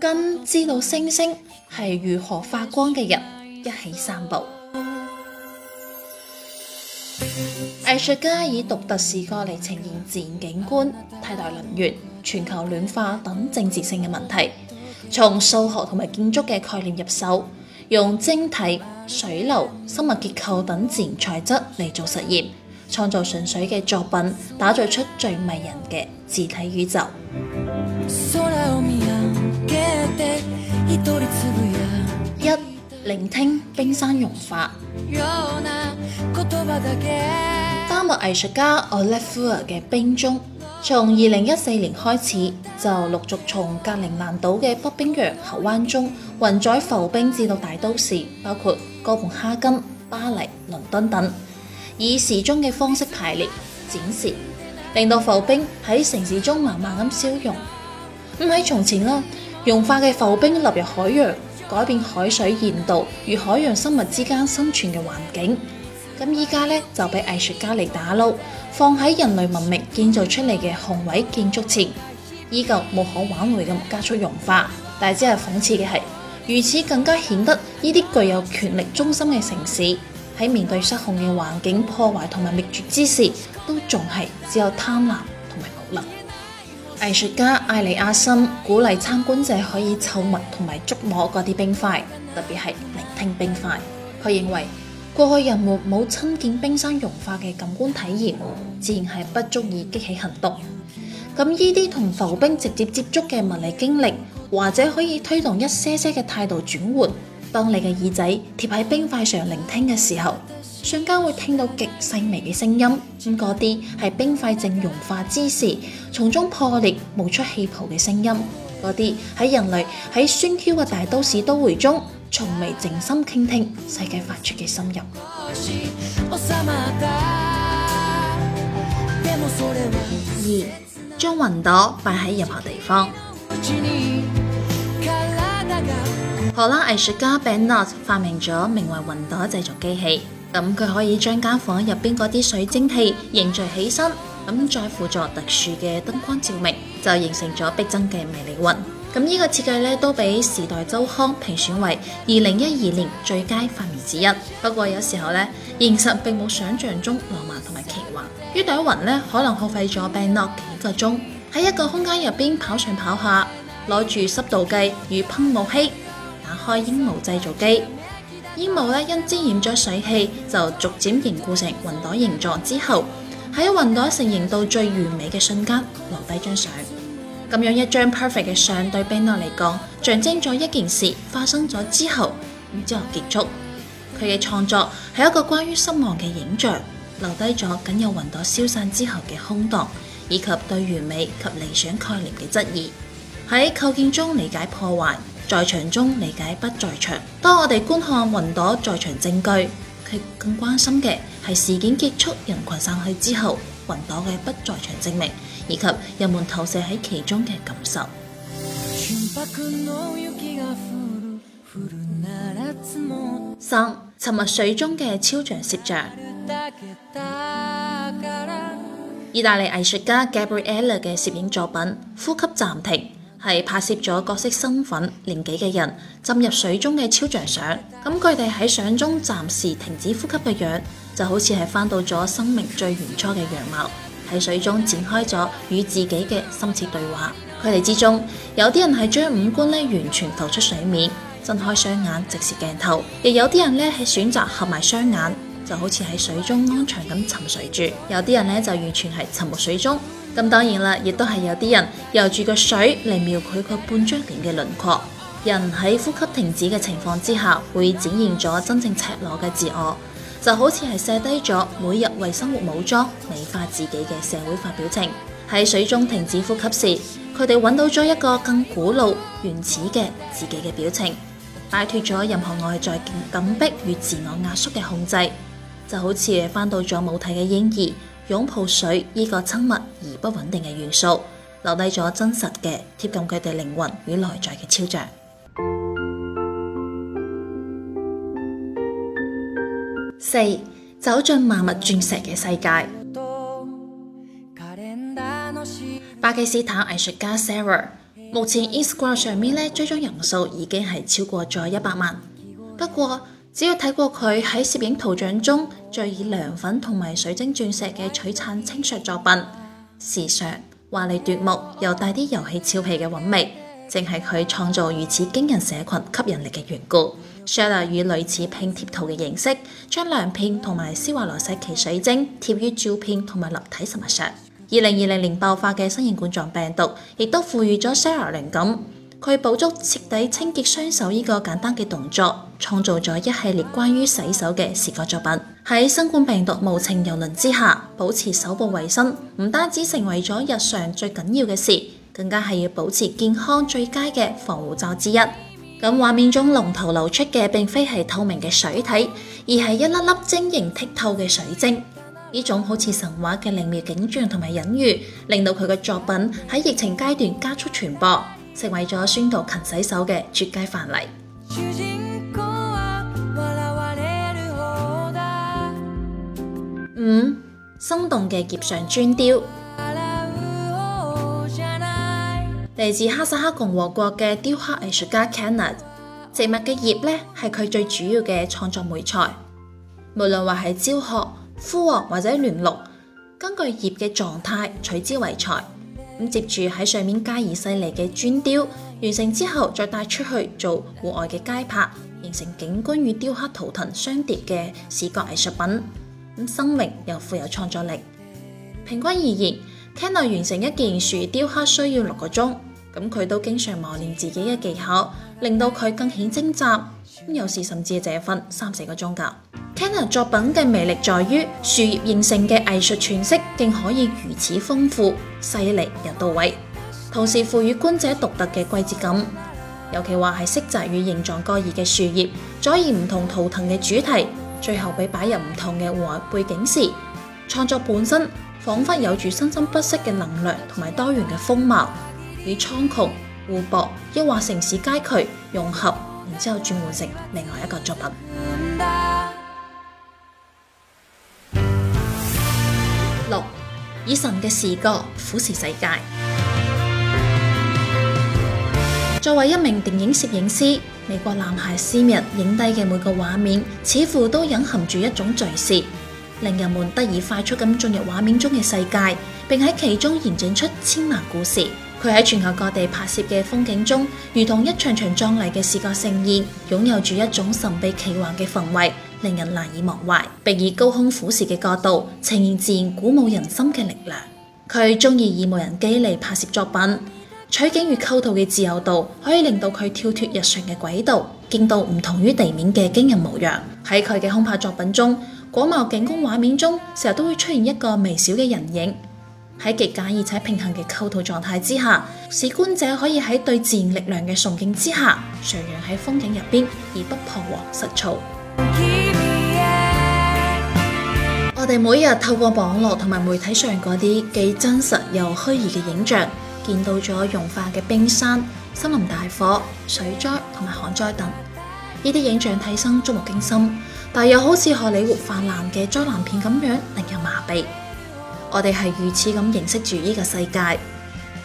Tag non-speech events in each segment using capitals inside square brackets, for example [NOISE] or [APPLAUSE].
跟知道星星係如何發光嘅人一起散步。藝術家以獨特視角嚟呈現自然景觀、替代能源、全球暖化等政治性嘅問題，從數學同埋建築嘅概念入手，用晶體、水流、生物結構等自然材質嚟做實驗，創造純粹嘅作品，打造出最迷人嘅自體宇宙。So 一、聆聽冰山融化。丹麥藝術家 Olafur 嘅冰鐘，從二零一四年開始就陸續從格陵蘭島嘅北冰洋峽灣中運載浮冰至到大都市，包括哥本哈根、巴黎、倫敦等，以時鐘嘅方式排列展示，令到浮冰喺城市中慢慢咁消融。咁喺從前啦。融化嘅浮冰流入海洋，改變海水鹽度與海洋生物之間生存嘅環境。現在呢，就被藝術家嚟打撈，放喺人類文明建造出嚟嘅宏偉建築前，依舊無可挽回咁加速融化。但只是諷刺嘅是，如此更加顯得呢啲具有權力中心嘅城市，喺面對失控嘅環境破壞同埋滅絕之時，都仲係只有貪婪。藝術家艾利亞森鼓勵參觀者可以嗅、和觸摸同埋觸摸嗰啲冰塊，特別係聆聽冰塊。佢認為過去人們冇親見冰山融化嘅感官體驗，自然係不足以激起行動。咁呢啲同浮冰直接接觸嘅物理經歷，或者可以推動一些些嘅態度轉換。當你嘅耳仔貼喺冰塊上聆聽嘅時候，瞬間會聽到極細微嘅聲音，咁嗰啲係冰塊正融化之時，從中破裂冒出氣泡嘅聲音，嗰啲喺人類喺喧囂嘅大都市都會中，從未靜心傾聽世界發出嘅聲音。二，將雲朵擺喺任何地方。荷蘭藝術家 Berndnaut 發明咗名為雲朵製造機器。咁佢可以將間房入邊嗰啲水蒸氣凝聚起身，咁再輔助特殊嘅燈光照明，就形成咗逼真嘅迷你雲。咁呢個設計咧都俾《時代週刊》評選為二零一二年最佳發明之一。不過有時候咧，現實並冇想象中浪漫同埋奇幻。於呢朵雲咧可能耗費咗 Berndnaut 幾個鐘喺一個空間入邊跑上跑下，攞住濕度計與噴霧器，打開鸚鵡製造機。煙霧因沾染咗水氣，就逐漸凝固成雲朵形狀。之後喺雲朵成形到最完美嘅瞬間，留低張相。咁樣一張 perfect 嘅相對 Berndnaut 嚟講，象徵咗一件事發生咗之後，然之後結束。佢嘅創作係一個關於失望嘅影像，留低咗僅有雲朵消散之後嘅空洞，以及對完美及理想概念嘅質疑。喺構建中理解破壞。在場中理解不在場。當我哋觀看雲朵在場證據，佢更關心嘅係事件結束、人群散去之後，雲朵嘅不在場證明以及人們投射喺其中嘅感受。三，沉 [MUSIC] [MUSIC] 入水中嘅超長攝像：意大利藝術家 Gabriele 嘅攝影作品《呼吸暫停》。係拍攝咗各式身份、年紀嘅人浸入水中嘅超像相，他佢哋喺相中暫時停止呼吸嘅樣子，就好似係返到咗生命最原初嘅樣貌，喺水中展開咗與自己嘅深切對話。佢哋之中有啲人係將五官完全浮出水面，睜開雙眼直視鏡頭，亦有啲人呢係選擇合埋雙眼，就好似喺水中安詳咁沉睡住，有啲人呢，就完全係沉沒水中。咁當然啦，亦都係有啲人由住個水嚟描繪佢個半張臉嘅輪廓。人喺呼吸停止嘅情況之下，會展現咗真正赤裸嘅自我，就好似係卸低咗每日為生活武裝美化自己嘅社會化表情。喺水中停止呼吸時，佢哋揾到咗一個更古老原始嘅自己嘅表情，擺脱咗任何外在緊迫與自我壓縮嘅控制，就好似係翻到咗母體嘅嬰兒。擁抱水呢個親密而不穩定嘅元素，留低咗真實嘅貼近佢哋靈魂與內在嘅肖像。四，走進萬物鑽石嘅世界，巴基斯坦藝術家 Sara 目前 Instagram 上面咧追蹤人數已經係超過咗一百萬。不過只要睇過佢喺攝影圖像中最以亮粉同埋水晶鑽石嘅璀璨清鑠作品，時尚華麗奪目，又帶啲遊戲俏皮嘅韻味，正係佢創造如此驚人社群吸引力嘅緣故。Shakeel 以類似拼貼圖嘅形式，將亮片同埋施華洛世奇水晶貼於照片同埋立體實物上。二零二零年爆發嘅新型冠狀病毒，亦都賦予咗 Shakeel 靈感。佢捕捉徹底清潔雙手呢個簡單嘅動作，創造咗一系列關於洗手嘅視覺作品。喺新冠病毒無情遊輪之下，保持手部衛生，唔單止成為咗日常最緊要嘅事，更加係要保持健康最佳嘅防護罩之一。咁畫面中龍頭流出嘅並非係透明嘅水體，而係一粒粒晶瑩剔透嘅水晶。呢種好似神話嘅靈妙景象同埋隱喻，令到佢嘅作品喺疫情階段加速傳播，成為咗宣導勤洗手嘅絕佳範例。五生動嘅葉上鐫雕，嚟自哈薩克共和國嘅雕刻藝術家 Kanat，植物嘅葉咧係佢最主要嘅創作媒材。無論話係焦褐、枯黃或者嫩綠，根據葉嘅狀態取之為材。咁接住喺上面加以細膩嘅鐫雕，完成之後再帶出去做戶外嘅街拍，形成景觀與雕刻圖騰相疊嘅視覺藝術品。咁生命又富有創造力。平均而言 [MUSIC] Kanat 完成一件樹雕刻需要六個鐘。咁佢都經常磨練自己嘅技巧，令到佢更顯精湛。咁有時甚至只瞓三四個鐘噶。 [MUSIC] Kanat 作品嘅魅力在於樹葉形成嘅藝術詮釋，竟可以如此豐富、細膩又到位，同時賦予觀者獨特嘅季節感。尤其話係色澤與形狀各異嘅樹葉，佐以唔同圖騰嘅主題。最後被擺入唔同嘅戶外背景時，創作本身仿佛有住生生不息嘅能量同埋多元嘅風貌，與蒼穹、湖泊抑或城市街區融合，然之後轉換成另外一個作品。六，以神嘅視角俯視世界。作為一名電影攝影師。美國男孩斯密影低嘅每個畫面，似乎都隱含住一種敘事，令人們得以快速咁進入畫面中嘅世界，並喺其中延展出千萬故事。佢喺全球各地拍攝嘅風景中，如同一場場壯麗嘅視覺盛宴，擁有住一種神秘奇幻嘅氛圍，令人難以忘懷，並以高空俯視嘅角度，呈現自然鼓舞人心嘅力量。佢中意以無人機嚟拍攝作品。取景與構圖嘅自由度，可以令到佢跳脱日常嘅軌道，見到唔同於地面嘅驚人模樣。喺佢嘅空拍作品中，廣袤景觀畫面中成日都會出現一個微小嘅人影。喺極簡而且平衡嘅構圖狀態之下，使觀者可以喺對自然力量嘅崇敬之下，徜徉喺風景入邊，而不彷徨失措。我哋每日透過網絡同埋媒體上嗰啲既真實又虛擬嘅影像。見到咗融化嘅冰山、森林大火、水災同埋旱災等，呢啲影像睇真觸目驚心，但又好似荷里活泛濫嘅災難片咁樣，令人麻痹。我哋係如此咁認識住呢個世界，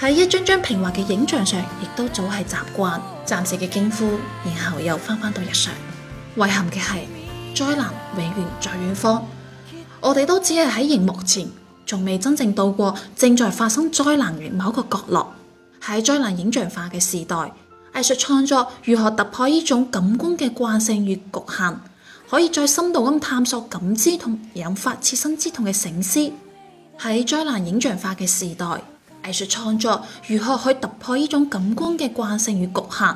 喺一張張平滑嘅影像上也，亦都早係習慣暫時嘅驚呼，然後又返返到日常。遺憾嘅係，災難永遠在遠方，我哋都只係喺熒幕前，仲未真正到過正在發生災難嘅某個角落。喺災難影像化嘅時代，藝術創作如何突破呢種感官嘅慣性與局限，可以再深度咁探索感知同引發切身之痛嘅省思？喺災難影像化嘅時代，藝術創作如何去突破呢種感官嘅慣性與局限，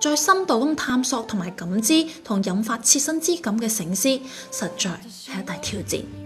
再深度咁探索同埋感知同引發切身之感嘅省思，實在係一大挑戰。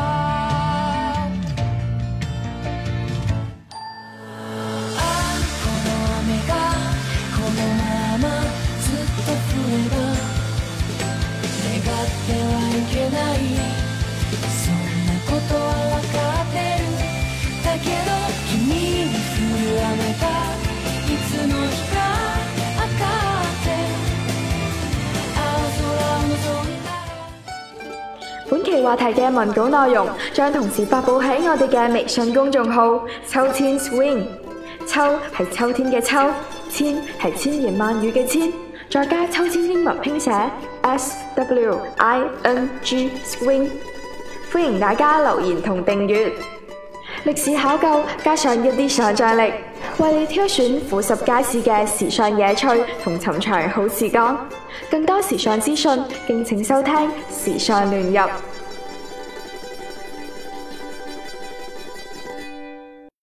話題嘅文稿內容將同時發布喺我哋嘅微信公眾號“秋千 swing”，秋係秋，秋天嘅秋，千係千言萬語嘅千，再加秋千英文拼寫 s w i n g swing。歡迎大家留言同訂閱。歷史考究加上一啲想象力，為你挑選附十街市嘅時尚野趣同尋常好時光。更多時尚資訊，敬請收聽《時尚亂入》。